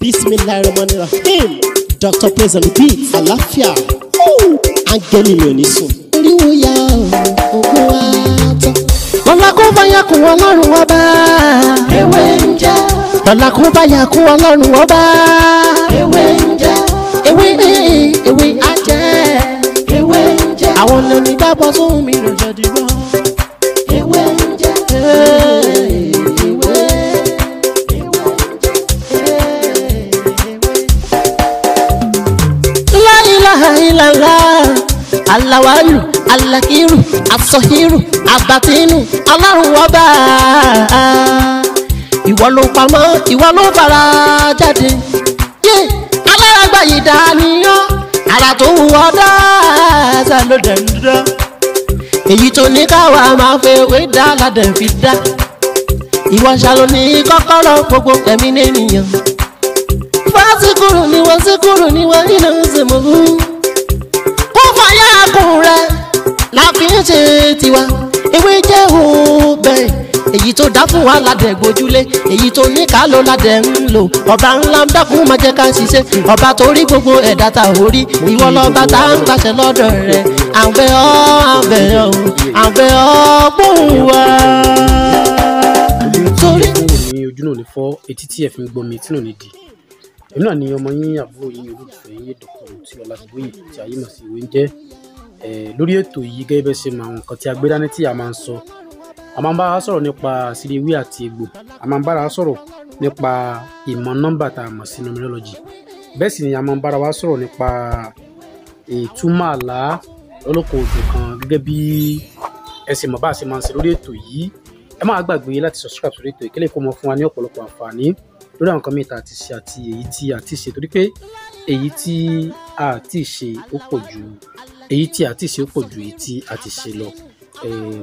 bismillahirrahmanirrahim Dr. praise and beat àlàáfíà áńgẹ́lì mi ò ní sùn. oríwo ya ògùn wa tán. lọ́la kó bá ya kún ọlọ́run ọba. ewé ń já. lọ́la kó bá ya kún ọlọ́run ọba. ewé ń já. ewé ewé ajẹ́. ewé ń já. àwọn lẹ́nu gbàgbọ́ sóhun mi lò jáde wá. lálá aláwálù alákírù asọ̀hírù abatínú alárùn ọba ìwọ ló pamọ́ ìwọ ló fara jáde alárágbá yìí dáníyàn ara tó wù ọ́ dáadáa ló dẹ̀ ń dúdá èyí tó ní káwa máa fẹ́ wé dá ládẹ̀ fi dá ìwọ ṣàlò ní kọ́kọ́rọ́ gbogbo ẹ̀mí lẹ́nìyàn fásikúrú ni wọ́n síkúrú ni wọ́n nínú ìsìnkú. ṣe tiwa ewé jẹ́ o bẹ́ẹ̀ èyí tó dá fún wa ládẹ̀ gbójúlé èyí tó ní ká ló ládẹ̀ ń lò ọba ńlá ń dákun máa jẹ́ ká ń ṣiṣẹ́ ọba tó gbogbo ẹ̀dá ta ò ìwọ lọ́ba tá ń gbàṣẹ lọ́dọ̀ rẹ̀ àbẹ̀ ọ́ àbẹ̀ ọ́ àbẹ̀ ọ́ gbóhùn wá. torí. ní ojú náà ní fọ etí tí ẹ fi ń gbọmi tí náà ní di èmi náà ni ọmọ yín àbúrò yín olùfẹ́ yín dọ̀kọ̀ tí ọlá lórí ètò yìí gẹ́gẹ́ bẹ́ẹ̀ ṣe mọ àwọn nǹkan tí a gbé dání tí a máa ń sọ a máa ń bára sọ̀rọ̀ nípa síríwí àti egbò a máa ń bára sọ̀rọ̀ nípa ìmọ̀ nọ́mbà tá a mọ̀ sí numerology bẹ́ẹ̀ sì ni a máa ń bára wa sọ̀rọ̀ nípa ìtumọ̀ àlá lọ́lọ́kọ̀ òjò kan gẹ́gẹ́ bí ẹsẹ̀ mọ̀ bá a lórí ètò yìí ẹ má gbàgbé láti subscribe sórí ètò ìkẹ́lẹ́ kó mọ fún wa ní ọ̀pọ̀lọpọ̀ àǹfààní lórí àwọn kan mìíràn àti ṣe àti èyí èyí tí a ti ṣe pọ̀ ju èyí tí a ti ṣe lọ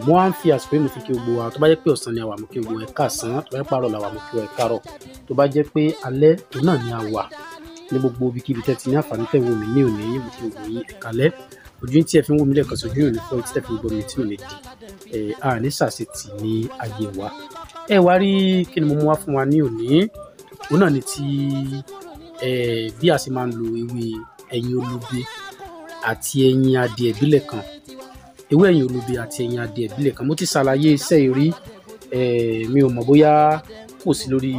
mo wá ń fi àsìkò yìí mo fi kí gbogbo wa tó bá jẹ́ pé ọ̀sán ni a wà mo kí gbogbo ẹ káàsán tó bá jẹ́ pààrọ̀ la wà mo kí gbogbo ẹ káàrọ̀ tó bá jẹ́ pé alẹ́ tó náà ni a wà ní gbogbo ibikíbi tẹ́ ti ní àǹfààní tẹ́ wò ní òní mo kí gbogbo yín ẹ̀kálẹ́ ojú tí ẹ fi ń wò mí lẹ́ẹ̀kan sí ojú yìí ò ní fi ń mi tí ò ní di a sàṣetì ní ayé wa ẹ wá rí kí ni mo mú wá fún wa ní òní òun náà ni ti bí a ṣe máa ń lo ewé ẹ̀yìn olóbe àti ẹyin adìẹ ìbílẹ̀ kan ewé ẹ̀yìn olóbe àti ẹyin adìẹ ìbílẹ̀ kan mo ti ṣàlàyé iṣẹ́ ìrí mi ò mọ̀ bóyá kò sí lórí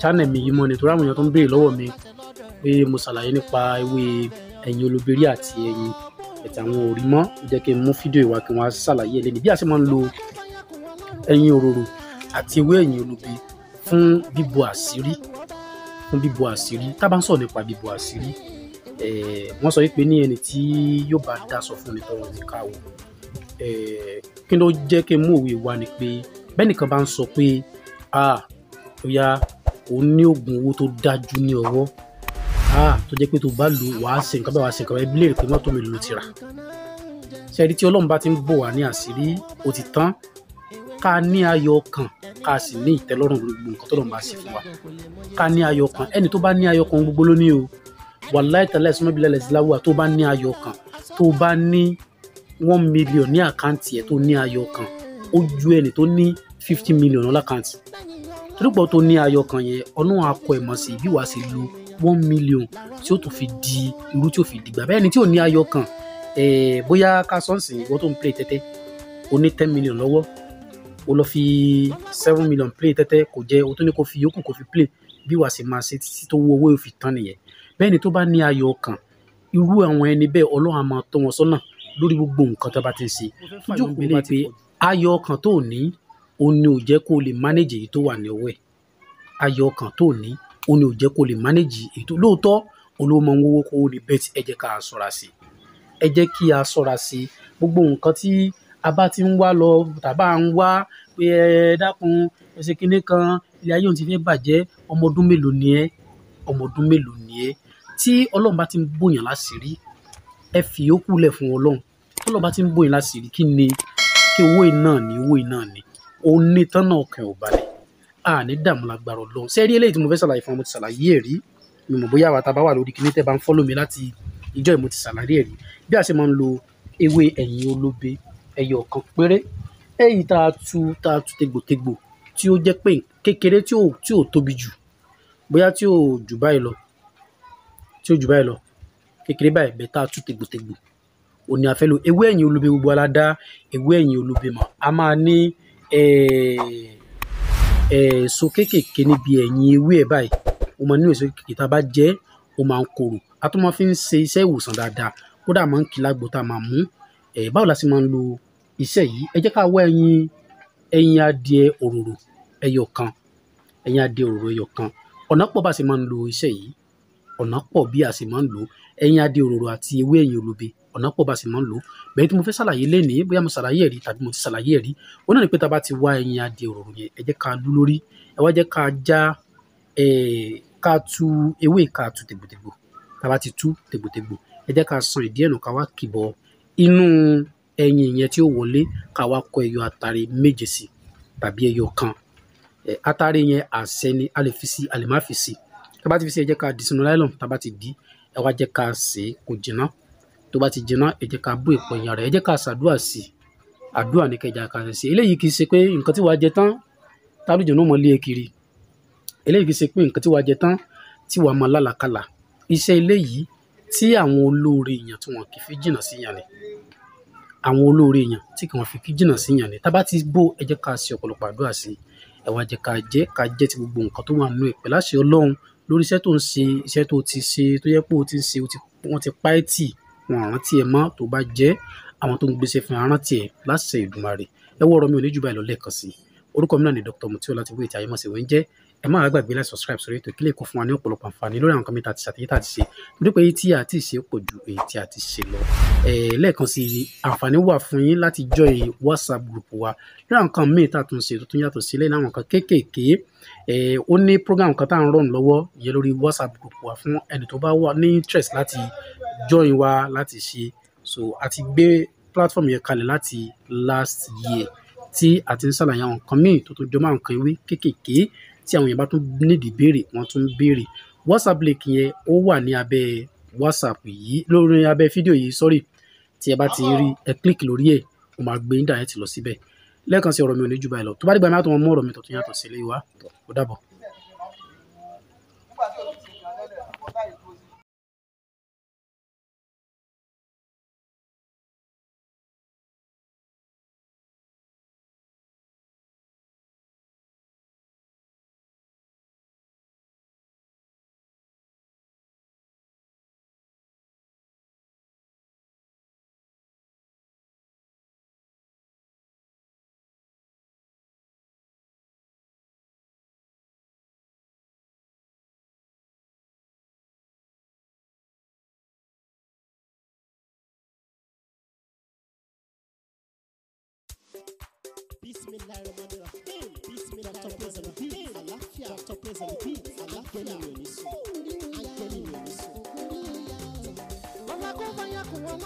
channel mi yìí mọ́ ni torí àwọn èèyàn tó ń béèrè lọ́wọ́ mi pé mo ṣàlàyé nípa ewé ẹ̀yìn olóbe rí àti ẹ̀yìn ẹ̀tẹ̀ àwọn òrí mọ́ jẹ́ kí n mú fídíò ìwà kí wọ́n á ṣàlàyé ẹ̀ lẹ́nu bí a ṣe máa ń lo ẹ̀yìn òróró àti ewé ẹ̀yìn olóbe fún bíbo àṣírí fún bíbo àṣírí tá a bá ń sọ̀rọ̀ nípa bíbo àṣírí wọ́n sọ pé ní ẹni tí yóò bá daṣọ fún ni tọrọ ní káwọ kí ló jẹ́ kí n mú òwe wá ni pé bẹ́ẹ̀ nìkan bá ń sọ pé bóyá òun ní oògùn owó tó dájú ní ọwọ́ tó jẹ́ pé tó bá lò wàá ṣe nǹkan bá wàá ṣe nǹkan bá bílẹ̀ pé mọ́tò mi ló ti rà ṣe ẹni tí ọlọ́run bá ti ń bò wá ní àṣírí ó ti tán ká ní ayọ̀ ọkàn ká sì ní ìtẹ́lọ́rùn gbogbo nǹkan tó lọ́n bá sì fún wa ká ní ayọ̀ ọkàn ẹni tó bá ní ayọ̀ ọkàn gbogbo ló ní o wàláì tẹ́lẹ̀ sọ́mọ́ ibi tó bá ní ayọ̀ ọkàn tó bá ní one million ní àkáǹtì ẹ̀ tó ní ayọ̀ ọkàn ó ju ẹni tó ní fifty million lákàǹtì torípọ̀ tó ní ayọ̀ ọkàn yẹn ọlọ́run akọ ẹ̀mọ́ sí bí wàá sì lo one million tí ó tún fi di irú tí ó fi dìgbà bẹ́ẹ̀ ni tí ò ní ayọ̀ ọkàn eh, bóyá ká sọ́ọ̀sì ìwọ́n tó ń play tẹ́tẹ́ o ní ten million lọ́wọ́ o lọ fi seven million play tẹ́tẹ́ kò jẹ́ o tún ní kó fi yòókù kó fi play bí wàá sì máa ṣe títí tó owó owó fi tán nìyẹn bẹ́ẹ̀ ni tó bá ní ayọ̀ ọkàn irú àwọn ẹni bẹ́ẹ̀ ọlọ́run á máa tọ́ wọn sọ́nà lórí gbogbo nǹkan tó bá ti ń ṣe tójú kò bẹ́ẹ̀ pé ayọ̀ ọkàn tó ní o ní ò jẹ́ kó o lè manage èyí tó wà ní ọwọ́ ẹ̀ ayọ̀ ọkàn tó ní o ní ò jẹ́ kó o lè manage èyí tó lóòótọ́ olówó máa ń wówó kó o ní bẹ́ẹ̀ ẹ jẹ́ ká a ṣọ́ra sí ẹ kí a ṣọ́ra sí gbogbo nǹkan tí a bá ti ń wá lọ tàbá ń wá pé ẹ dákun ẹ ṣe kinní kan ilé ayé òun ti fẹ́ bàjẹ́ ọmọ ọdún mélòó ni ẹ ọmọ ọdún mélòó ni ẹ tí ọlọ́run bá ti ń bòyàn láṣìírí ẹ fi yòókù lẹ̀ fún ọlọ́run tọ́lọ́run bá ti ń bòyàn láṣìírí kí ni kí owó iná ni owó iná ni òun ní tán náà kàn ò balẹ̀ a ní dààmú lágbára ọlọ́run ṣé rí eléyìí tí mo fẹ́ ṣàlàyé fún ọ ti ṣàlàyé ẹ̀ rí mi mọ̀ bóyá àwa tá a bá wà lórí kinní tẹ́ bá ń fọ́lọ́ mi láti ìjọ ìmọ̀ ti ṣàlàyé ẹ̀ rí bí a ṣe máa ń lo ewé ẹ̀yìn olóbe ẹyọ kan péré èyí tá a tu tá a tu tegbòtegbò tí ó jẹ́ pé kékeré tí ò tí ò tóbi jù bóyá tí ò jù báyìí lọ tí ò jù báyìí lọ kékeré báyìí bẹ́ẹ̀ tá a tu tegbòtegbò òní a fẹ́ lò ewé ẹ̀yìn olóbe gbogbo aládá ewé ẹ̀yìn olóbe mọ̀ a máa ní èso kéékèèké níbi ẹ̀yìn ewé ẹ̀ báyìí o máa nílò èso kéékèèké tá a bá jẹ o máa ń korò a tún máa fi ń ṣe iṣẹ́ ìwòsàn dáadáa kódà máa ń kí lágbo tá a máa mú báwo la sì máa ń lo iṣẹ́ yìí ẹ jẹ́ ká wá ẹyin ẹyin adìẹ òróró ẹyọ kan ẹyin adìẹ òróró ẹyọ kan ọ̀nà pọ̀ bá a sì máa ń lo iṣẹ́ yìí ọ̀nà pọ̀ bí a sì máa ń lò ẹyin adìẹ òróró àti ewé ẹ̀yìn olóbe ọ̀nà pọ̀ bá a sì máa ń lò bẹ́ẹ̀ tí mo fẹ́ ṣàlàyé lénìí bóyá mo ṣàlàyé ẹ̀rí tàbí mo ti ṣàlàyé ẹ̀rí ó náà ní pé tá a bá ti wá ẹyin adìẹ òróró yẹn ẹ jẹ́ ká lú lórí ẹ wá jẹ́ ká já ká tu ewé ká tu tègbòtègbò tá a bá ti tú tègbòtègbò ẹ jẹ́ ká san ìdí ẹ̀nà ká wá kìbọ̀ inú ẹyin yẹn tí ó wọlé ká wá kọ ẹyọ àtàrí méje sí tàbí ẹyọ kan àtàrí yẹn àṣẹ ni a lè fi sí a lè má fi sí tá bá ti fi sí ẹ jẹ́ ká dì sínú nylon tá bá ti dì ẹ wá jẹ́ ká sè é kó jiná tó bá ti jiná ẹ jẹ́ ká bó èpo ẹ̀yìn rẹ̀ ẹ jẹ́ ká ṣàdúrà sí àdúrà ní kẹjà ká ṣe sí eléyìí kì í ṣe pé nǹkan tí wàá jẹ tán tálùjọ náà mọ lé e kiri eléyìí kì í ṣe pé nǹkan tí wàá jẹ tán tí wàá mọ lálàkàlà iṣẹ́ eléyìí tí àwọn olóore èèyàn tí wọn kì í fi jìnnà sí yàn ni àwọn olóore èèyàn tí kì wọ́n fi kí jìnnà sí yàn ni tá bá ti bó ẹ jẹ́ ká ṣe ọ̀pọ̀lọpọ̀ àdúrà sí ẹ wá jẹ́ ká jẹ́ ká jẹ́ ti gbogbo nǹkan tó wà nínú ìpè láṣẹ ọlọ́run lórí iṣẹ́ tó ń ṣe iṣẹ́ tó ti ṣe tó yẹ pé o ti ń ṣe wọ́n ti pa ẹ́ tì wọn àrántí ẹ mọ́ tó bá jẹ́ àwọn tó ń gbèsè fún àrántí ẹ láṣẹ Èdùmàrè ẹ wọ́ọ̀rọ̀ mi ò ní jù báyìí lọ lẹ́ẹ̀kan sí orúkọ mi náà ni Dr. Mutiola Timothy Ayọ̀mọ́sẹ̀wé ń jẹ́ ẹ má wàá gbàgbé láti subscribe sórí ètò ìkílẹ̀ kan fún wa ní ọ̀pọ̀lọpọ̀ àǹfààní lórí àwọn kọ́mẹ́ntà àti ṣàtìyí tàti ṣe torí pé èyí tí a ti ṣe pọ̀ ju èyí tí a ti ṣe lọ. lẹ́ẹ̀kan sí i àǹfààní wà fún yín láti join whatsapp group wa lórí àwọn kan míì tá a tún ṣe tó tún yàtọ̀ sílẹ̀ láwọn kan kéékèèké ó ní program kan tá à ń rọ̀n lọ́wọ́ yẹ lórí whatsapp group wa fún ẹni tó bá wà ní interest láti join wa láti ṣe so a ti platform yẹn kalẹ̀ last year tí a ti ń ṣàlàyé àwọn kan míì tó tún tí àwọn èèyàn bá tún nídìí béèrè wọ́n tún béèrè whatsapp link yẹn ó wà ní abẹ́ whatsapp yìí lórí abẹ́ fídíò yìí sorry tí ẹ bá ti rí ẹ click lórí ẹ̀ ó máa gbé yín dà ẹ ti lọ síbẹ̀ lẹ́ẹ̀kan sí ọ̀rọ̀ mi ò ní jù báyìí lọ tó bá dìgbà mi á mú ọ̀rọ̀ mi tó tún yàtọ̀ wa ó dàbọ̀. Bismillahirrahmanirrahim. Bismillahirrahmanirrahim. Àlàáfíà. Dr. Praise and peace. Àlàáfíà. Àgẹ̀lẹ̀ ìròyìn sùn. Àgẹ̀lẹ̀ ìròyìn sùn. Ọlá kó fàyà kù wọ́n.